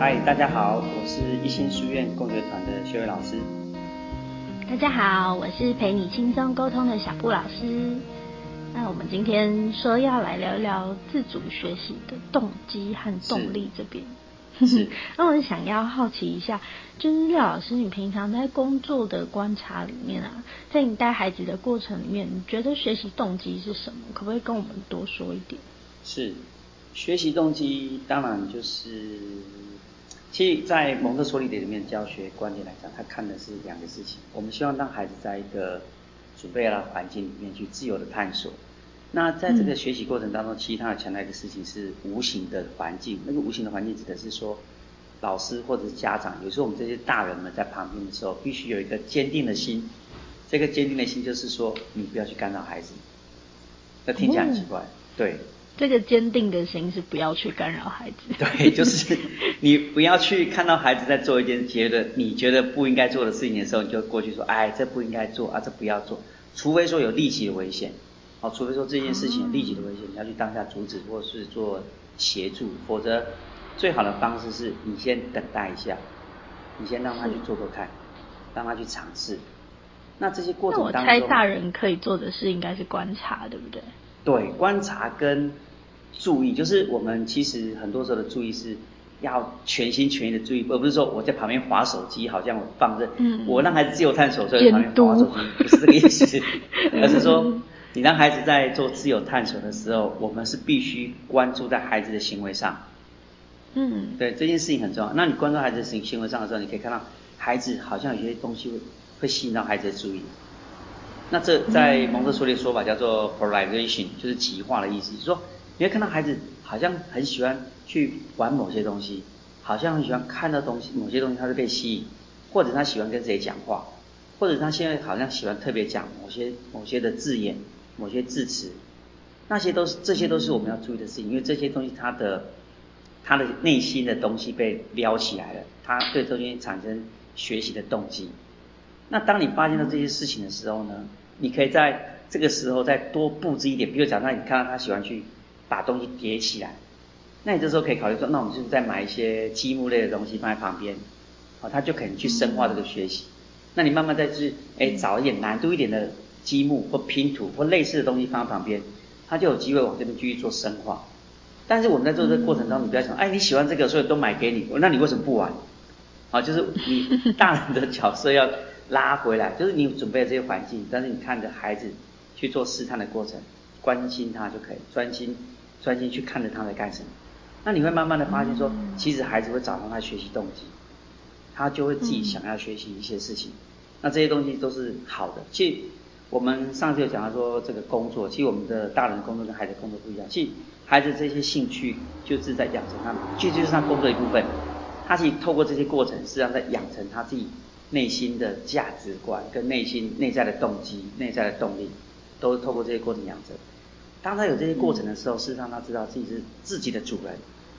嗨，大家好，我是一心書院工學團的薛偉老師。大家好，我是陪你輕鬆溝通的小布老師。那我們今天說要來聊一聊自主學習的動機和動力這邊。 那我想要好奇一下，就是廖老師，你平常在工作的觀察裡面啊，在你帶孩子的過程裡面，你覺得學習動機是什麼？可不可以跟我們多說一點？是，學習動機當然就是。其實，在蒙特梭利的裡面教學觀念來講，他看的是兩個事情。我們希望讓孩子在一個準備了環境裡面去自由的探索。那在這個學習過程當中，嗯、其實他有強調一個事情，是無形的環境。那個無形的環境指的是說，老師或者是家長，有時候我們這些大人們在旁邊的時候，必須有一個堅定的心。這個堅定的心就是說，你不要去干擾孩子。那聽起來很奇怪，嗯、對。這個堅定的心是不要去干擾孩子。對，就是你不要去看到孩子在做一件覺得你覺得不應該做的事情的時候，你就過去說，哎，這不應該做啊，這不要做。除非說有立即的危險，哦，除非說這件事情有立即的危險、嗯、你要去當下阻止或者是做協助，否則最好的方式是你先等待一下，你先讓他去做做看，嗯、讓他去嘗試。那這些過程當中，我猜大人可以做的事應該是觀察，對不對？對，觀察跟。注意，就是我們其實很多時候的注意是要全心全意的注意，而不是說我在旁邊滑手機，好像我放着，嗯。我讓孩子自由探索，所以、嗯、旁邊滑手機不是這個意思，而是說你讓孩子在做自由探索的時候，我們是必須關注在孩子的行為上。嗯。對，這件事情很重要。那你關注孩子行行為上的時候，你可以看到孩子好像有些東西會會吸引到孩子的注意。那這在蒙特梭利的說法叫做 polarization，就是極化的意思，就是說。你會看到孩子好像很喜歡去玩某些東西，好像很喜歡看到東西，某些東西他是被吸引，或者他喜歡跟誰講話，或者他現在好像喜歡特別講某些某些的字眼、某些字詞，那些都是這些都是我們要注意的事情，因為這些東西他的他的內心的東西被撩起來了，他對中間產生學習的動機。那當你發現了這些事情的時候呢，你可以在這個時候再多布置一點，比如講他你看到他喜歡去。把東西疊起來，那你這時候可以考慮說，那我們是不是再買一些積木類的東西放在旁邊，哦，它，他就可以去深化這個學習。那你慢慢再去哎、欸、找一點難度一點的積木或拼圖或類似的東西放在旁邊，他就有機會往這邊繼續做深化。但是我們在做這個過程中，你不要想，嗯、哎，你喜歡這個，所以都買給你，那你為什麼不玩？啊、哦，就是你大人的角色要拉回來，就是你準備了這些環境，但是你看着孩子去做試探的過程，關心他就可以，專心。專心去看着他在幹什麼，那你會慢慢的發現說，嗯嗯嗯，其實孩子會找到他學習動機，他就會自己想要學習一些事情，嗯嗯，那這些東西都是好的。其實我們上次有講到說，這個工作，其實我們的大人工作跟孩子工作不一樣。其實孩子這些興趣就是在養成他們，這就是他工作一部分。他其實透過這些過程，實際上在養成他自己內心的價值觀跟內心內在的動機、內在的動力，都是透過這些過程養成。當他有這些過程的時候，嗯、事實上他知道自己是自己的主人，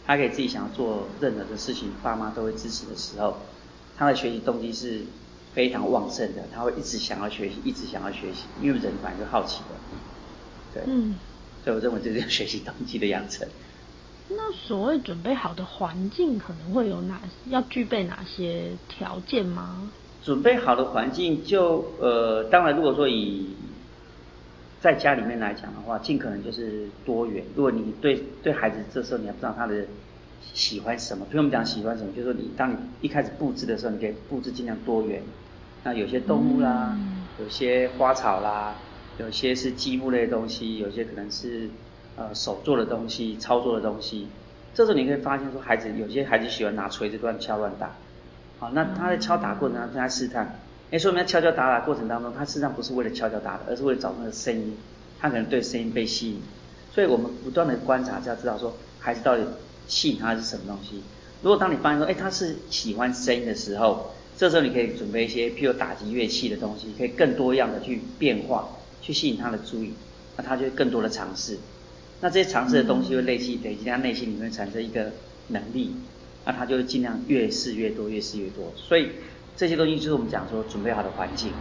他可以自己想要做任何的事情，爸媽都會支持的時候，他的學習動機是非常旺盛的，他會一直想要學習，一直想要學習，因為人本來就好奇的，對，嗯、所以我認為這是學習動機的養成。那所謂準備好的環境可能會有哪，要具備哪些條件嗎？準備好的環境就呃，當然如果說以。在家裡面來講的話，盡可能就是多元。如果你對對孩子這時候，你還不知道他的喜歡什麼，譬如我們講喜歡什麼，就是說你當你一開始布置的時候，你可以布置盡量多元。那有些動物啦，嗯、有些花草啦，有些是積木類的東西，有些可能是呃手做的東西、操作的東西。這時候你可以發現說，孩子有些孩子喜歡拿錘子亂敲亂打。好，那他在敲打過程當中他正在試探。欸、說明我們敲敲打打過程當中，他實際上不是為了敲敲打打，而是為了找到那個聲音。他可能對聲音被吸引，所以我們不斷的觀察，就要知道說，孩子到底吸引他是什麼東西。如果當你發現說，哎、欸，他是喜歡聲音的時候，這時候你可以準備一些，譬如打擊樂器的東西，可以更多樣的去變化，去吸引他的注意，那他就會更多的嘗試。那這些嘗試的東西會累積，累積他內心裡面產生一個能力，那他就會盡量越試越多，越試越多，所以。這些東西就是我們講說準備好的環境，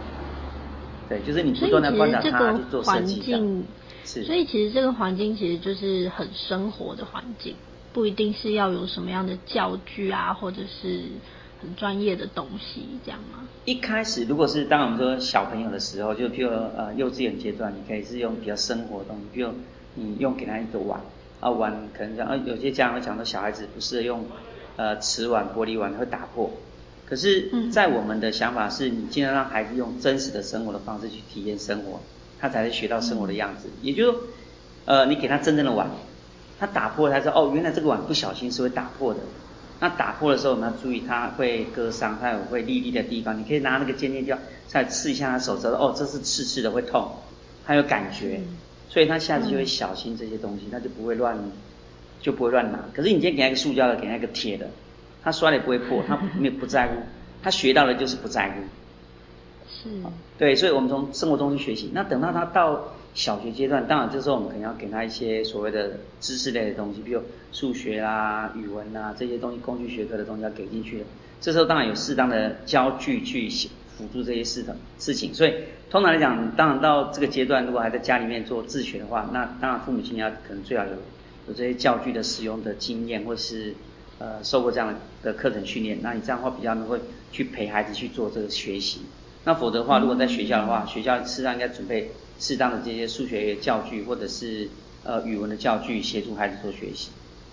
對，就是你不斷的觀察他去做設計的。是。所以其實這個環境，境其實就是很生活的環境，不一定是要有什麼樣的教具啊，或者是很專業的東西這樣嗎？一開始如果是當我們說小朋友的時候，就譬如呃幼稚園階段，你可以是用比較生活的東西，比如你用給他一個碗啊，碗可能講、啊，有些家長會講說小孩子不適合用呃瓷碗、玻璃碗會打破。可是，在我們的想法是，你盡量讓孩子用真實的生活的方式去體驗生活，他才能學到生活的樣子。也就是呃，你給他真正的碗，他打破，他說，哦，原來這個碗不小心是會打破的。那打破的時候，我們要注意，他會割傷，他有會粒粒的地方。你可以拿那個尖尖叫，再刺一下他手指頭，哦，這是刺刺的會痛，還有感覺。所以他下次就會小心這些東西，他就不會亂，就不會亂拿。可是你今天給他一個塑膠的，給他一個鐵的。他摔了也不會破，他沒不， 不，不在乎，他學到的就是不在乎。是。對，所以我們從生活中去學習。那等到他到小學階段，當然這時候我們肯定要給他一些所謂的知識類的東西，比如數學啊、語文啊，這些東西，工具學科的東西要給進去。這時候當然有適當的教具去輔助這些事的。事情，所以通常來講，當然到這個階段，如果還在家裡面做自學的話，那當然父母親要可能最好有有這些教具的使用的經驗，或是。呃，受過這樣的課程訓練，那你這樣的話比較能夠去陪孩子去做這個學習。那否則的話，如果在學校的話，嗯、學校事實上應該準備適當的這些數學教具，或者是呃語文的教具，協助孩子做學習。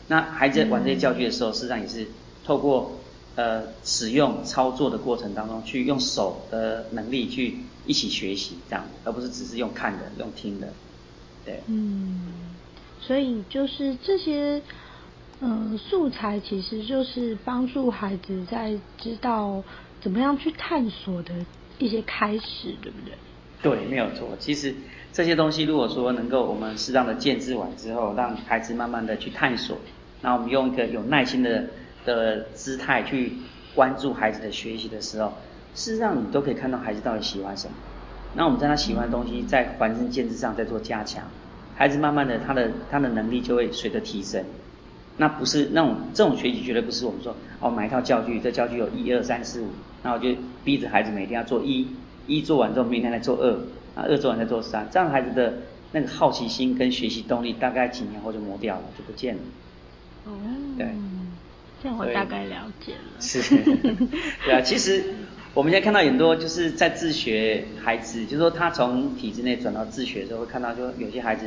那孩子玩這些教具的時候，嗯、實際上也是透過呃使用操作的過程當中，去用手的能力去一起學習，這樣而不是只是用看的、用聽的。對。嗯，所以就是這些。嗯，素材其實就是幫助孩子在知道怎麼樣去探索的一些開始，對不對？對，沒有錯。其實這些東西，如果說能夠我們適當的建置完之後，讓孩子慢慢的去探索，那我們用一個有耐心的的姿態去關注孩子的學習的時候，事實上你都可以看到孩子到底喜歡什麼。那我們在他喜歡的東西在環境建置上再做加強，孩子慢慢的他的他的能力就會隨着提升。那不是那種這種學習絕對不是我們說哦買一套教具，這教具有一二三四五，那我就逼着孩子每天要做一，一做完之後，明天再做二，二做完再做三，這樣孩子的那個好奇心跟學習動力大概幾年後就磨掉了，就不見了。哦，對，嗯，對，這樣我大概了解了。是， 對啊，其實我們現在看到很多就是在自學孩子，就是說他從體制內轉到自學的時候，會看到就有些孩子。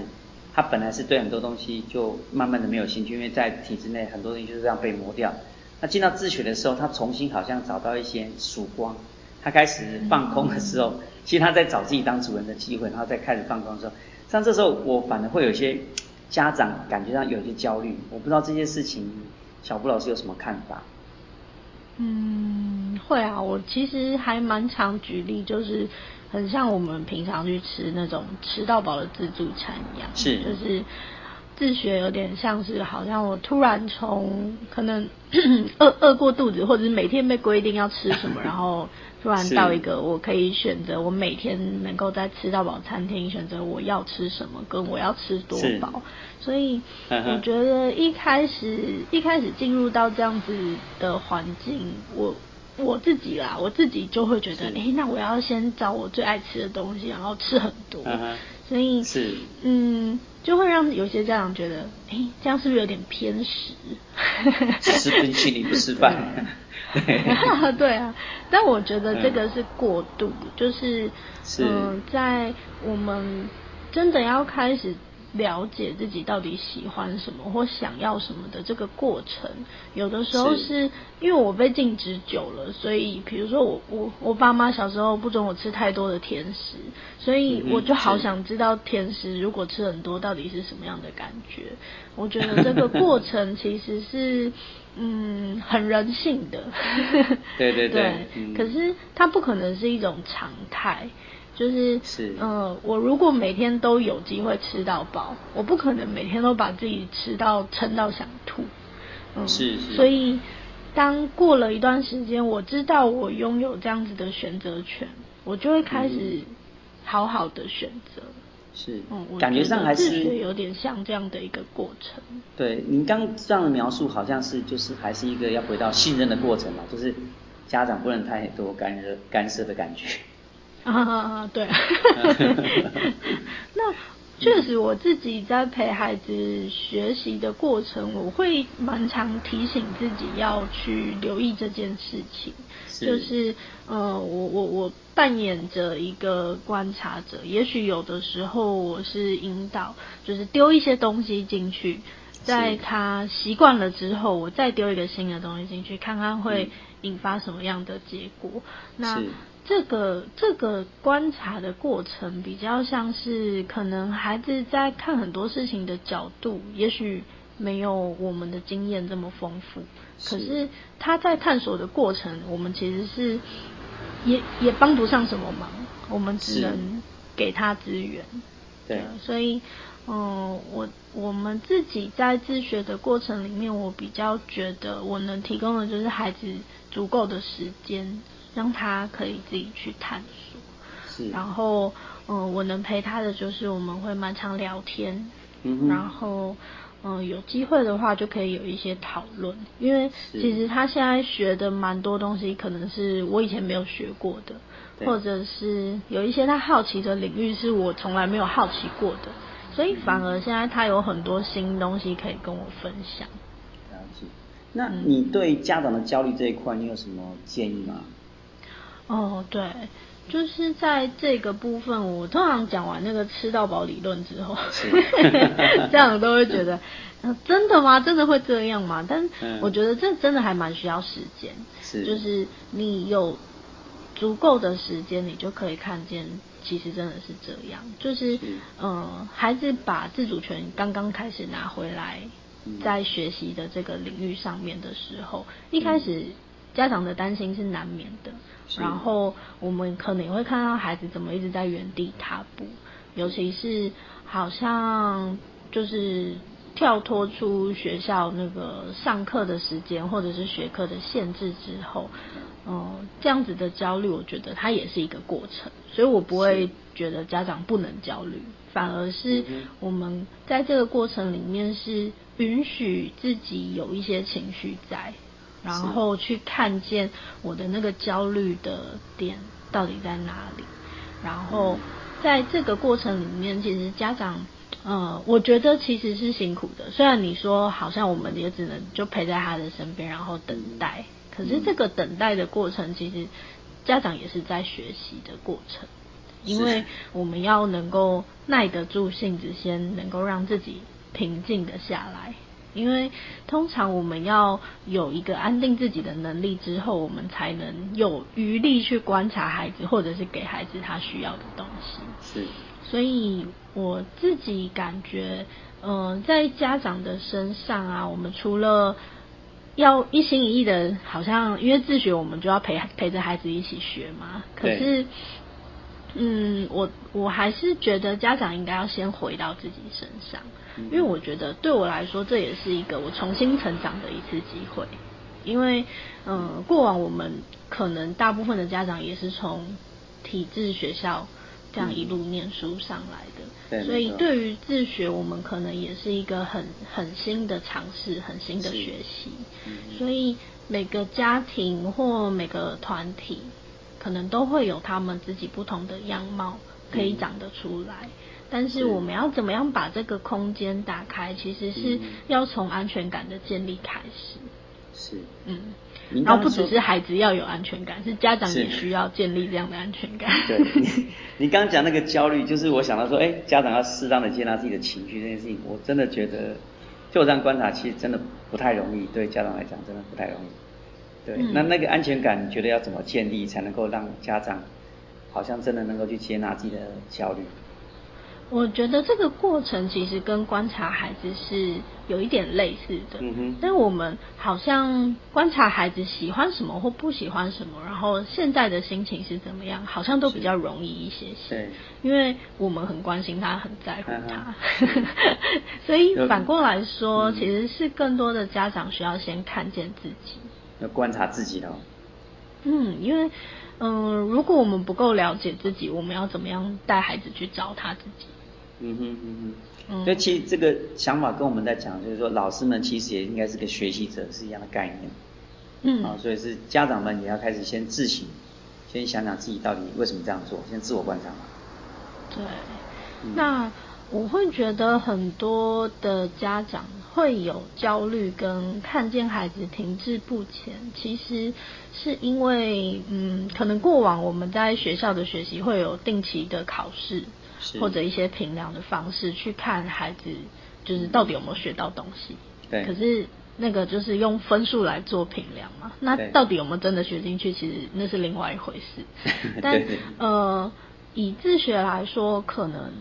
他本來是對很多東西就慢慢的沒有興趣，因為在體制內很多東西就是這樣被磨掉。那進到自學的時候，他重新好像找到一些曙光。他開始放空的時候，嗯、其實他在找自己當主人的機會。然後再開始放空的時候，像這時候我反而會有一些家長感覺上有一些焦慮。我不知道這件事情，小布老師有什麼看法？嗯，會啊，我其實還蠻常舉例就是。很像我們平常去吃那種吃到飽的自助餐一樣，是就是自學有點像是好像我突然從可能餓餓過肚子，或者是每天被規定要吃什麼， 然後突然到一個我可以選擇，我每天能夠在吃到飽餐廳選擇我要吃什麼跟我要吃多飽，是所以我覺得一開始 一開始進入到這樣子的環境，我。我自己啦，我自己就會覺得，哎是、欸，那我要先找我最愛吃的東西，然後吃很多，uh huh. 所以，是嗯，就會讓有些家長覺得，哎、欸，這樣是不是有點偏食？吃冰淇淋不吃飯？對啊，但我覺得這個是過度，uh huh. 就是，嗯、呃，是在我們真的要開始。了解自己到底喜歡什麼或想要什麼的這個過程，有的時候是，是因為我被禁止久了，所以比如說我我我爸媽小時候不准我吃太多的甜食，所以我就好想知道甜食如果吃很多到底是什麼樣的感覺。是我覺得這個過程其實是 嗯，很人性的， 對對對，對嗯、可是它不可能是一種常態。就是是，呃，我如果每天都有機會吃到飽，我不可能每天都把自己吃到撐到想吐。嗯，是是。所以，當過了一段時間，我知道我擁有這樣子的選擇權，我就會開始好好的選擇。是，嗯，我感覺上還是有點像這樣的一個過程。對，您剛這樣的描述，好像是就是還是一個要回到信任的過程嘛，就是家長不能太多干涉干涉的感覺。啊，對， 那確實我自己在陪孩子學習的過程，我會蠻常提醒自己要去留意這件事情。是，就是呃，我我我扮演着一個觀察者，也許有的時候我是引導，就是丟一些東西進去。在他習慣了之後，是我再丟一個新的東西進去，看看會引發什麼樣的結果。嗯、那是這個這個觀察的過程，比較像是可能孩子在看很多事情的角度，也許沒有我們的經驗這麼豐富，是，可是他在探索的過程，我們其實是也也幫不上什麼忙，我們只能給他資源。是嗯、對，所以。嗯，我我們自己在自學的過程裡面，我比較覺得我能提供的就是孩子足夠的時間，讓他可以自己去探索。是然後，嗯，我能陪他的就是我們會蠻常聊天，嗯哼然後，嗯，有機會的話就可以有一些討論，因為其實他現在學的蠻多東西，可能是我以前沒有學過的，對或者是有一些他好奇的領域是我從來沒有好奇過的。所以反而現在他有很多新東西可以跟我分享。嗯，那你對家長的焦慮這一塊，你有什麼建議嗎？哦，對，就是在這個部分我，我通常講完那個吃到飽理論之後，是 家長都會覺得， 真的嗎？真的會這樣嗎？但是我覺得這真的還蠻需要時間，嗯，是，就是你有足夠的時間，你就可以看見。其實真的是這樣，就是嗯是、呃，孩子把自主權剛剛開始拿回來，在學習的這個領域上面的時候，嗯、一開始家長的擔心是難免的。是然後我們可能也會看到孩子怎麼一直在原地踏步，尤其是好像就是跳脫出學校那個上課的時間或者是學科的限制之後。哦、嗯，這樣子的焦慮，我覺得它也是一個過程，所以我不會覺得家長不能焦慮，是反而是我們在這個過程裡面是允許自己有一些情緒在，然後去看見我的那個焦慮的點到底在哪裡，然後在這個過程裡面，其實家長，呃、嗯，我覺得其實是辛苦的，雖然你說好像我們也只能就陪在他的身邊，然後等待。可是這個等待的過程，嗯、其實家長也是在學習的過程，是因為我們要能夠耐得住性子先，先能夠讓自己平靜的下來，因為通常我們要有一個安定自己的能力之後，我們才能有餘力去觀察孩子，或者是給孩子他需要的東西。是。所以我自己感覺，嗯、呃，在家長的身上啊，我們除了要一心一意的，好像因為自學，我們就要陪陪着孩子一起學嘛。可是，對嗯，我我還是覺得家長應該要先回到自己身上，嗯、因為我覺得對我來說，這也是一個我重新成長的一次機會。因為，嗯，過往我們可能大部分的家長也是從體制學校。這樣一路念書上來的，嗯、所以對於自學，我們可能也是一個很很新的嘗試，很新的學習。是所以每個家庭或每個團體，可能都會有他們自己不同的樣貌可以長得出來。嗯、但是我們要怎麼樣把這個空間打開？其實是要從安全感的建立開始。是，嗯，剛剛然後不只是孩子要有安全感，是家長也需要建立這樣的安全感。對，你剛剛講那個焦慮，就是我想到說，哎、欸，家長要適當的接納自己的情緒這件事情，我真的覺得，就我這樣觀察，其實真的不太容易，對家長來講真的不太容易。對，嗯、那那個安全感你覺得要怎麼建立，才能夠讓家長好像真的能夠去接納自己的焦慮？我覺得這個過程其實跟觀察孩子是有一點類似的，嗯哼，但我們好像觀察孩子喜歡什麼或不喜歡什麼，然後現在的心情是怎麼樣，好像都比較容易一些些，是，因為我們很關心他，很在乎他，啊、哈 所以反過來說，嗯、其實是更多的家長需要先看見自己，要觀察自己嘍，嗯，因為嗯、呃，如果我們不夠了解自己，我們要怎麼樣帶孩子去找他自己？嗯哼嗯哼，嗯哼，所以其實這個想法跟我們在講，就是說老師們其實也應該是個學習者，是一樣的概念。嗯，啊，所以是家長們也要開始先自省，先想想自己到底為什麼這樣做，先自我觀察嘛。對，嗯、那我會覺得很多的家長會有焦慮，跟看見孩子停滯不前，其實是因為嗯，可能過往我們在學校的學習會有定期的考試。是或者一些評量的方式去看孩子，就是到底有沒有學到東西，嗯。對。可是那個就是用分數來做評量嘛。對那到底有沒有真的學進去？其實那是另外一回事。對但對呃，以自學來說，可能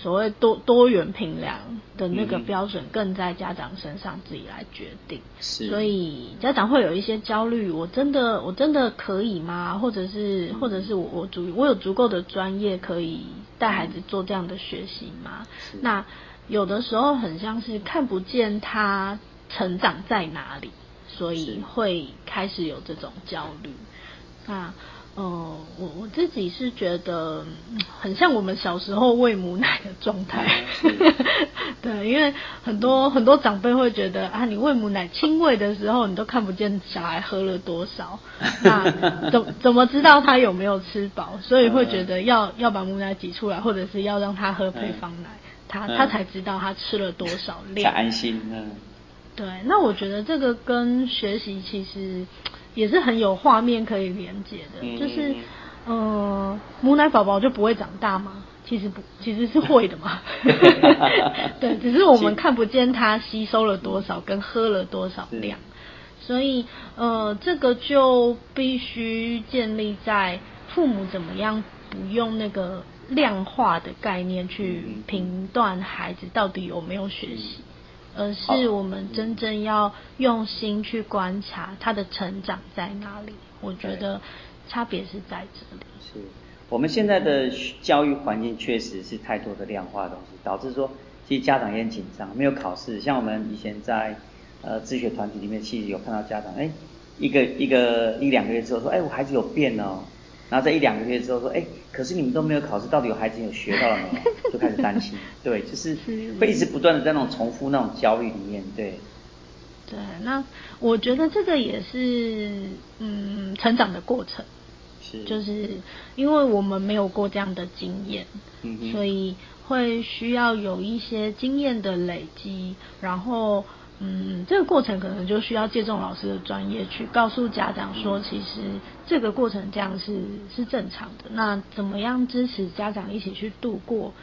所謂多多元評量的那個標準，更在家長身上自己來決定。是所以家長會有一些焦慮，我真的我真的可以嗎？或者是，嗯，或者是我我足我有足夠的專業可以。帶孩子做這樣的學習嗎？那有的時候很像是看不見他成長在哪裡，所以會開始有這種焦慮。那。哦，我、嗯、我自己是覺得很像我們小時候餵母奶的狀態、嗯， 對，因為很多、嗯、很多長輩會覺得啊，你餵母奶親餵的時候，你都看不見小孩喝了多少， 那怎怎麼知道他有沒有吃飽？所以會覺得要、嗯、要把母奶擠出來，或者是要讓他喝配方奶，嗯、他他才知道他吃了多少量，才安心呢。對，那我覺得這個跟學習其實。也是很有畫面可以連接的，就是，嗯、呃、母奶寶寶就不會長大嗎？其實不，其實是會的嘛， 對，只是我們看不見他吸收了多少跟喝了多少量，是所以呃，這個就必須建立在父母怎麼樣不用那個量化的概念去評斷孩子到底有沒有學習。而是我們真正要用心去觀察他的成長在哪裡，哦嗯、我覺得差別是在這裡。是，我們現在的教育環境確實是太多的量化東西，嗯、導致說其實家長也很緊張。沒有考試，像我們以前在呃自學團體裡面，其實有看到家長，哎、欸，一個一個一兩個月之後說，哎、欸，我孩子有變哦。然後在一兩個月之後說，哎，可是你們都沒有考試，到底有孩子有學到了沒有？就開始擔心， 對，就是會一直不斷的在那種重複那種焦慮裡面。對，對，那我覺得這個也是，嗯，成長的過程，是，就是因為我們沒有過這樣的經驗，嗯哼，所以會需要有一些經驗的累積，然後。嗯，這個過程，可能就需要借助老師的專業去告訴家長說，其實這個過程這樣是是正常的。那怎麼樣支持家長一起去度過？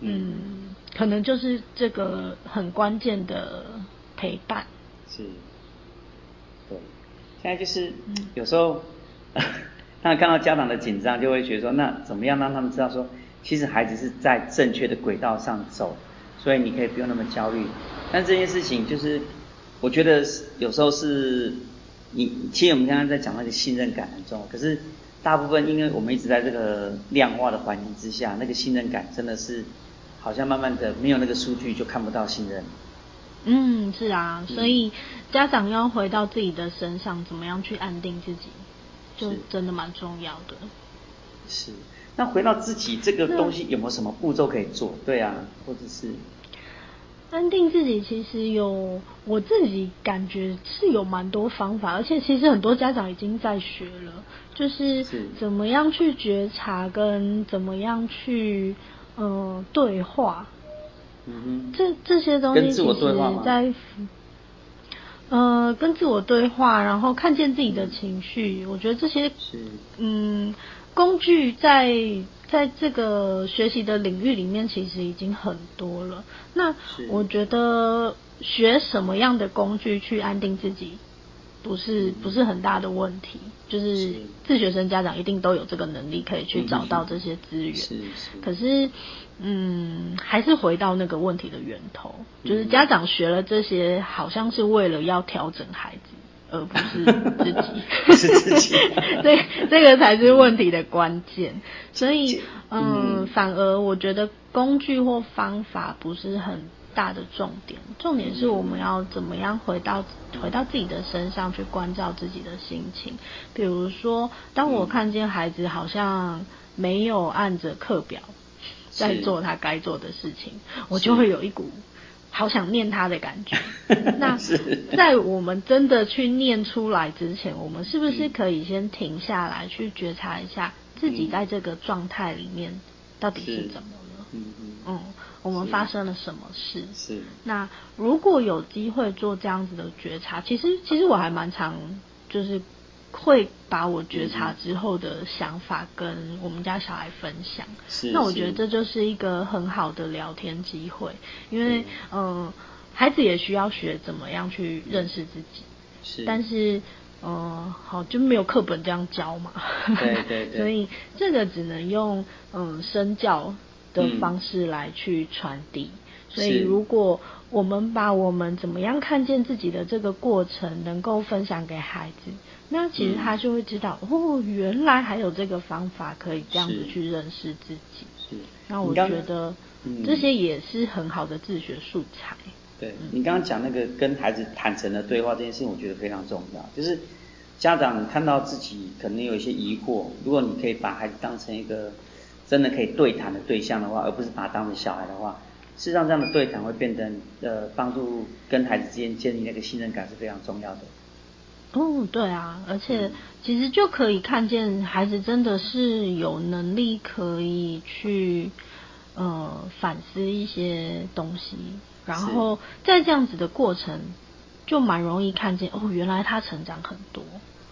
嗯，可能就是這個很關鍵的陪伴。是，對。現在就是、嗯、有時候呵呵，那看到家長的緊張，就會覺得說，那怎麼樣讓他們知道說，其實孩子是在正確的軌道上走。所以你可以不用那麼焦慮，但這件事情就是，我覺得有時候是你，你其實我們剛剛在講那個信任感，很重要，可是大部分因為我們一直在這個量化的環境之下，那個信任感真的是好像慢慢的沒有那個數據就看不到信任。嗯，是啊，所以家長要回到自己的身上，怎麼樣去安定自己，就真的蠻重要的。是。是那回到自己這個東西有沒有什麼步驟可以做？是對啊，或者是安定自己，其實有我自己感覺是有蠻多方法，而且其實很多家長已經在學了，就是怎麼樣去覺察跟怎麼樣去呃對話，嗯哼，這這些東西其實在跟呃跟自我對話，然後看見自己的情緒，嗯、我覺得這些是嗯。工具在在這個學習的領域裡面，其實已經很多了。那我覺得學什麼樣的工具去安定自己，不是，嗯、不是很大的問題。就是自學生家長一定都有這個能力，可以去找到這些資源。是，嗯、是。是，可是，嗯，還是回到那個問題的源頭，就是家長學了這些，好像是為了要調整孩子。而不是自己，不是自己，對，這個才是問題的關鍵。所以，嗯，嗯，反而我覺得工具或方法不是很大的重點，重點是我們要怎麼樣回到、嗯、回到自己的身上，去關照自己的心情。比如說，當我看見孩子好像沒有按着課表在做他該做的事情，我就會有一股。好想念他的感覺。 那在我們真的去念出來之前，我們是不是可以先停下來去覺察一下自己在這個狀態裡面到底是怎麼了？嗯是嗯。嗯，我們發生了什麼事？是。那如果有機會做這樣子的覺察，其實其實我還蠻常就是。會把我覺察之後的想法跟我們家小孩分享，嗯、是是，那我覺得這就是一個很好的聊天機會，因為是嗯，孩子也需要學怎麼樣去認識自己，是，是但是嗯，好就沒有課本這樣教嘛，對，對對， 所以這個只能用嗯身教的方式來去傳遞，嗯、所以如果我們把我們怎麼樣看見自己的這個過程能夠分享給孩子。那其實他就會知道，嗯、哦，原來還有這個方法可以這樣子去認識自己。是，是。那我覺得、嗯、這些也是很好的自學素材。對、嗯、你剛剛講那個跟孩子坦誠的對話這件事情，我覺得非常重要。就是家長看到自己可能有一些疑惑，如果你可以把孩子當成一個真的可以對談的對象的話，而不是把他當成小孩的話，事實上這樣的對談會變得呃幫助跟孩子之間建立那個信任感是非常重要的。哦、嗯，對啊，而且其實就可以看見孩子真的是有能力可以去呃反思一些東西，然後在這樣子的過程就蠻容易看見哦，原來他成長很多。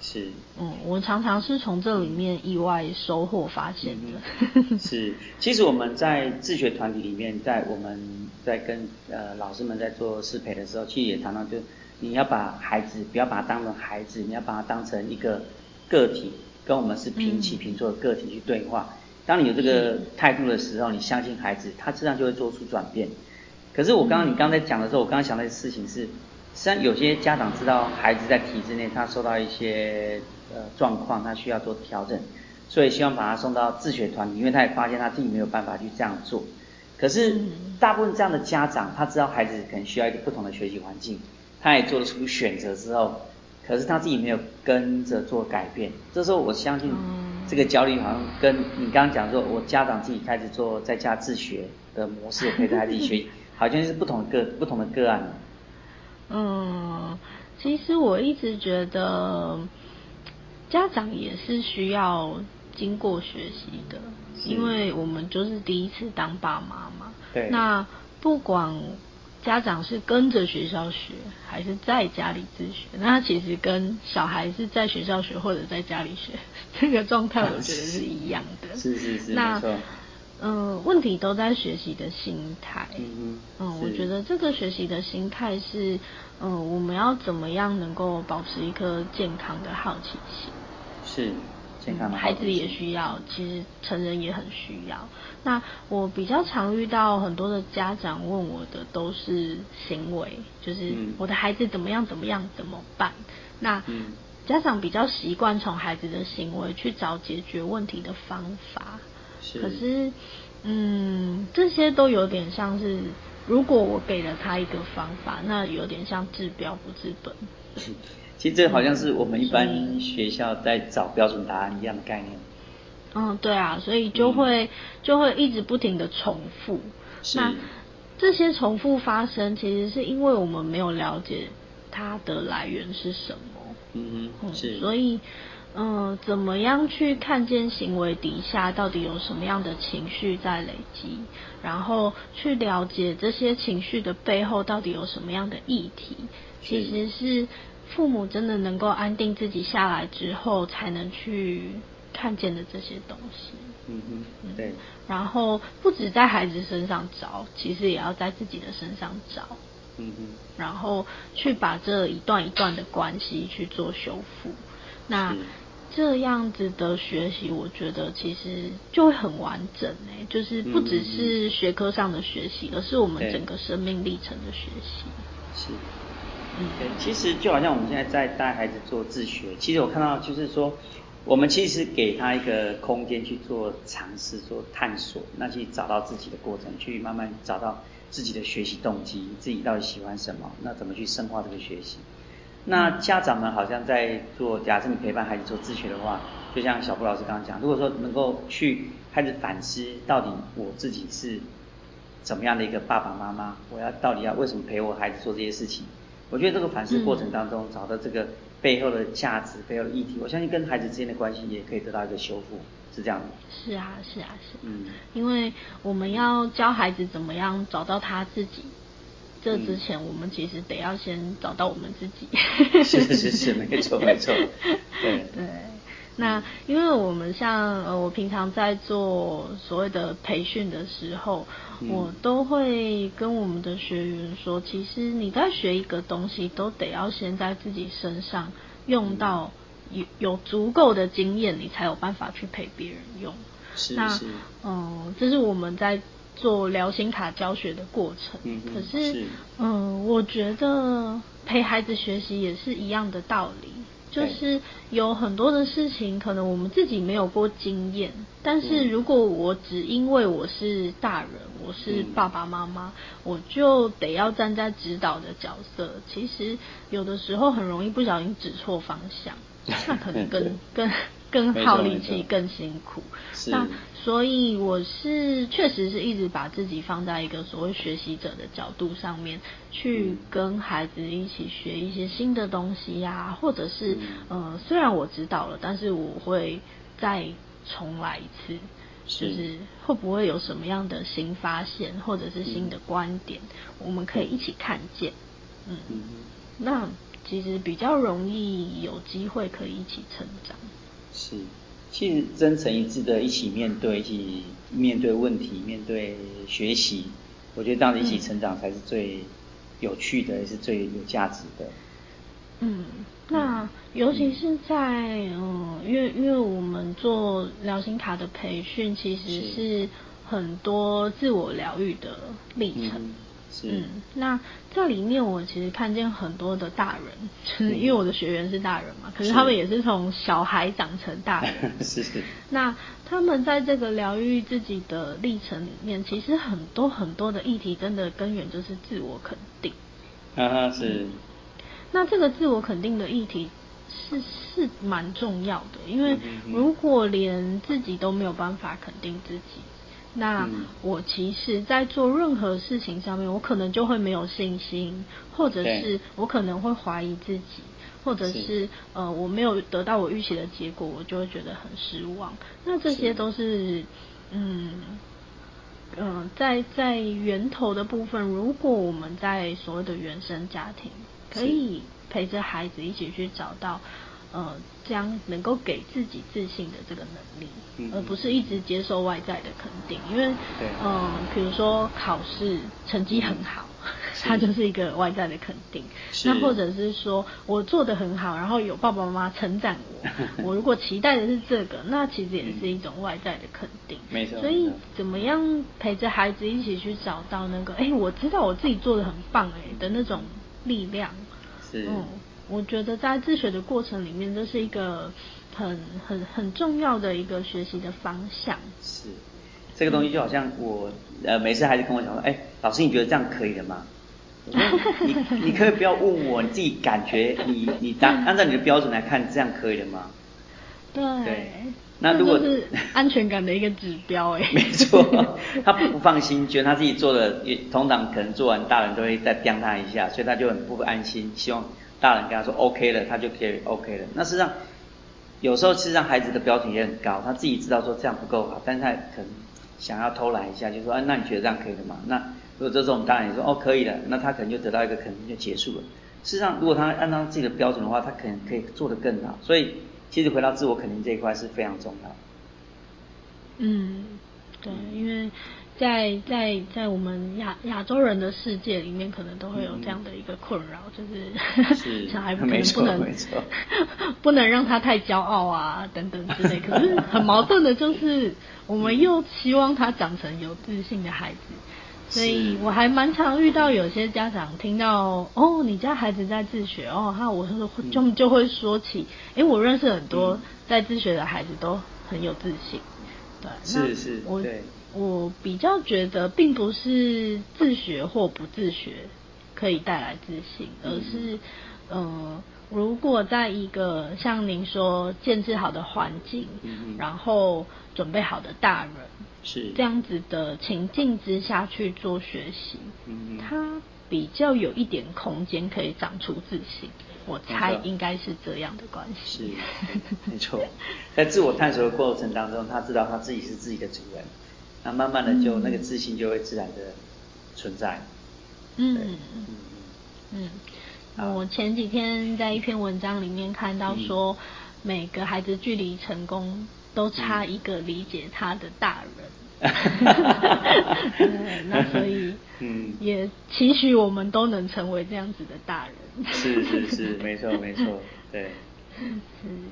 是。嗯，我常常是從這裡面意外收穫發現的。是，其實我們在自學團體裡面，在我們在跟呃老師們在做適配的時候，其實也常常就。你要把孩子，不要把他當成孩子，你要把他當成一個個體，跟我們是平起平坐的個體去對話。當你有這個態度的時候，你相信孩子，他自然就會做出轉變。可是我剛剛，你剛才講的時候，我剛剛想的事情是，雖然有些家長知道孩子在體制內他受到一些呃狀況，他需要做調整，所以希望把他送到自學團體，因為他也發現他自己沒有辦法去這樣做。可是大部分這樣的家長，他知道孩子可能需要一個不同的學習環境。他也做得出選擇之後，可是他自己沒有跟着做改變。這時候我相信，這個焦慮好像跟你剛剛講說，我家長自己開始做在家自學的模式，我可以自己學， 好像是不同的個不同的個案。嗯，其實我一直覺得家長也是需要經過學習的，是因為我們就是第一次當爸媽嘛。對。那不管。家長是跟着學校學，還是在家裡自學？那其實跟小孩是在學校學或者在家裡學這個狀態，我覺得是一樣的。啊、是。是是是，那，沒錯。嗯，問題都在學習的心態。嗯。嗯，我覺得這個學習的心態是，嗯，我們要怎麼樣能夠保持一顆健康的好奇心？是。孩子也需要，其實成人也很需要。那我比較常遇到很多的家長問我的都是行為，就是我的孩子怎麼樣怎麼樣怎麼辦？那家長比較習慣從孩子的行為去找解決問題的方法。是，可是，嗯，這些都有點像是，如果我給了他一個方法，那有點像治標不治本。是其實這好像是我們一般學校在找標準答案一樣的概念。嗯，對啊，所以就會、嗯、就會一直不停的重複。是那這些重複發生，其實是因為我們沒有了解它的來源是什麼。嗯是嗯是。所以，嗯，怎麼樣去看見行為底下到底有什麼樣的情緒在累積？然後去了解這些情緒的背後到底有什麼樣的議題？是其實是。父母真的能夠安定自己下來之後，才能去看見的這些東西。嗯嗯，對。然後不止在孩子身上找，其實也要在自己的身上找。嗯嗯哼，然後去把這一段一段的關係去做修復。那是，這樣子的學習，我覺得其實就會很完整欸，就是不只是學科上的學習，而是我們整個生命歷程的學習。是。Okay, 其實就好像我們現在在帶孩子做自學，其實我看到就是說，我們其實給他一個空間去做嘗試、做探索。那去找到自己的過程，去慢慢找到自己的學習動機，自己到底喜歡什麼，那怎麼去深化這個學習。那家長們好像在做，假設你陪伴孩子做自學的話，就像小布老師剛剛講，如果說能夠去開始反思到底我自己是怎麼樣的一個爸爸媽媽，我要到底要為什麼陪我孩子做這些事情？我覺得這個反思過程當中，嗯、找到這個背後的價值、背後的議題，我相信跟孩子之間的關係也可以得到一個修復，是這樣子。是啊，是啊，是啊，是。嗯，因為我們要教孩子怎麼樣找到他自己，這之前我們其實得要先找到我們自己。是、嗯、 是是是，沒錯沒錯，對。對。那因為我們像呃，我平常在做所謂的培訓的時候，嗯，我都會跟我們的學員說，其實你在學一個東西，都得要先在自己身上用到有有足夠的經驗，你才有辦法去陪別人用。是，那，是。嗯，這是我們在做聊心卡教學的過程。嗯嗯，是。可是，嗯，我覺得陪孩子學習也是一樣的道理。對就是有很多的事情，可能我們自己沒有過經驗。但是，如果我只因為我是大人，我是爸爸媽媽，嗯、我就得要站在指導的角色。其實，有的時候很容易不小心指錯方向，那可能更更。 是更耗力氣，更辛苦。沒錯沒錯。那是所以我是確實是一直把自己放在一個所謂學習者的角度上面，去跟孩子一起學一些新的東西呀、啊，嗯、或者是、嗯、呃，雖然我知道了，但是我會再重來一次，是就是會不會有什麼樣的新發現，或者是新的觀點，嗯、我們可以一起看見。嗯，嗯，那其實比較容易有機會可以一起成長。是，其實真誠一致的一起面對，一起面對問題，面對學習，我覺得這樣子一起成長才是最有趣的，也、嗯、是最有價值的。嗯，那尤其是在嗯，因為因為我們做療心卡的培訓，其實是很多自我療癒的歷程。嗯是嗯，那在裡面我其實看見很多的大人，就是因為我的學員是大人嘛，是，可是他們也是從小孩長成大人。 是是。那他們在這個療癒自己的歷程裡面，其實很多很多的議題，真的根源就是自我肯定。哈、啊、哈，是、嗯。那這個自我肯定的議題是是蠻重要的，因為如果連自己都沒有辦法肯定自己，那我其實，在做任何事情上面，我可能就會沒有信心，或者是我可能會懷疑自己，或者是，是呃，我沒有得到我預期的結果，我就會覺得很失望。那這些都是，是嗯，嗯、呃，在在源頭的部分，如果我們在所謂的原生家庭，可以陪着孩子一起去找到。呃，將、嗯、能夠給自己自信的這個能力，嗯、而不是一直接受外在的肯定，因為，對嗯，比如說考試成績很好，是它就是一個外在的肯定，是那或者是說我做得很好，然後有爸爸媽媽稱讚我，是我如果期待的是這個，那其實也是一種外在的肯定，嗯、所以怎麼樣陪着孩子一起去找到那個，哎、欸，我知道我自己做得很棒、欸，哎的那種力量，是嗯。我覺得在自學的過程裡面，這是一個很很很重要的一個學習的方向。是，這個東西就好像我呃，每次還是跟我講說，哎、欸，老師你覺得這樣可以的嗎？ 你你，你可，可以不要問我，你自己感覺你，你你當按照你的標準來看，這樣可以的嗎？對。對。那如果那是安全感的一個指標、欸，哎。 沒錯，他不放心，覺得他自己做的，也通常可能做完大人都會再盯他一下，所以他就很不，不安心，希望。大人跟他說 OK 了，他就可以 OK 了。那事實上，有時候其實孩子的標準也很高，他自己知道說這樣不夠好，但是他可能想要偷懶一下，就說，啊，那你覺得這樣可以了嗎？那如果這種大人也說，哦，可以的，那他可能就得到一個肯定就結束了。事實上，如果他按照自己的標準的話，他可能可以做得更好。所以，其實回到自我肯定這一塊是非常重要。嗯，對，因為。在在在我們亞亞洲人的世界裡面，可能都會有這樣的一個困擾，嗯、就是，是 小孩可能不能 不能讓他太驕傲啊等等之類。可是很矛盾的就是，我們又希望他長成有自信的孩子，是所以我還蠻常遇到有些家長聽到、嗯、哦，你家孩子在自學哦，那我說就就會說起，哎、嗯欸，我認識很多在自學的孩子都很有自信，嗯、對，是是，是我。對我比較覺得，並不是自學或不自學可以帶來自信，嗯、哼而是，呃，如果在一個像您說建制好的環境，嗯、哼然後準備好的大人，是這樣子的情境之下去做學習，嗯、哼他比較有一點空間可以長出自信。嗯、哼我猜應該是這樣的關係。是，沒錯，在自我探索的過程當中，他知道他自己是自己的主人。那、啊、慢慢的就那個自信就會自然的存在。嗯嗯嗯對嗯。我前幾天在一篇文章裡面看到說，嗯、每個孩子距離成功都差一個理解他的大人。哈哈哈哈哈。那所以，嗯，也期許我們都能成為這樣子的大人。 是是是，沒錯沒錯，對。啊、嗯，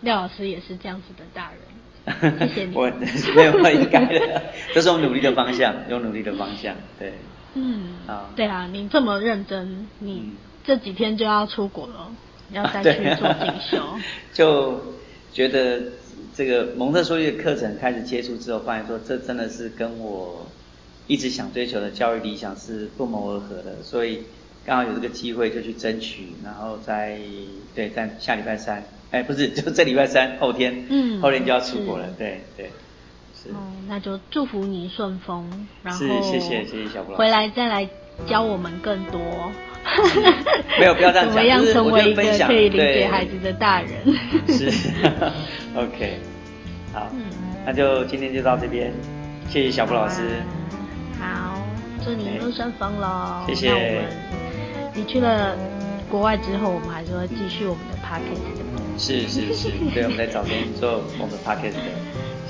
廖老師也是這樣子的大人。 謝謝我沒有，我應該的，這是我努力的方向，有努力的方向，對。嗯。啊。對啊，你這麼認真，你這幾天就要出國了，嗯、要再去做進修。 就覺得這個蒙特梭利的課程開始接觸之後，發現說這真的是跟我一直想追求的教育理想是不謀而合的，所以剛好有這個機會就去爭取，然後在對，在下禮拜三。哎、欸，不是，就這禮拜三後天，嗯，後天就要出國了。是對對，是。哦、嗯，那就祝福你順風，然後。是，謝謝謝謝小布老師。回來再來教我們更多。沒有，不要這樣講。嗯、 怎麼樣成為一個可以理解孩子的大人？是。 OK，好，嗯、那就今天就到這邊，謝謝小布老師。啊、好，祝你一路順風嘍、欸。謝謝。你去了國外之後，我們還是會繼續我們的 p a r t 是是是，是，對，我們在找工作，我們的 Podcast 的。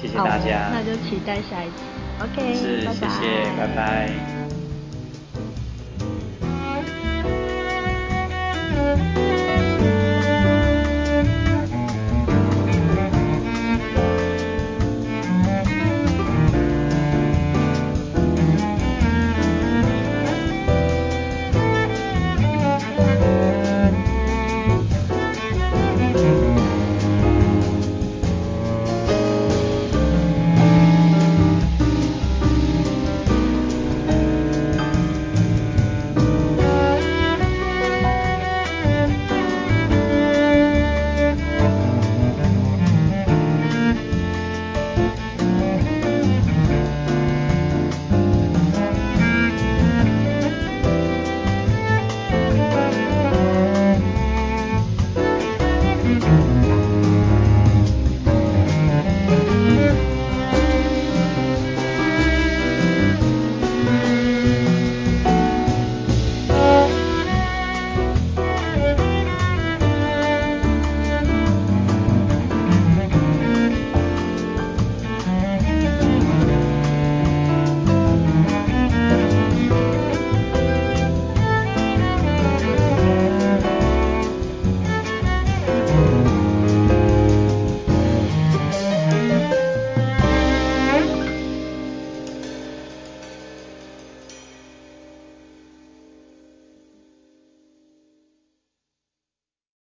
謝謝大家，那就期待下一次。OK，是，拜拜，謝謝，拜拜。拜拜。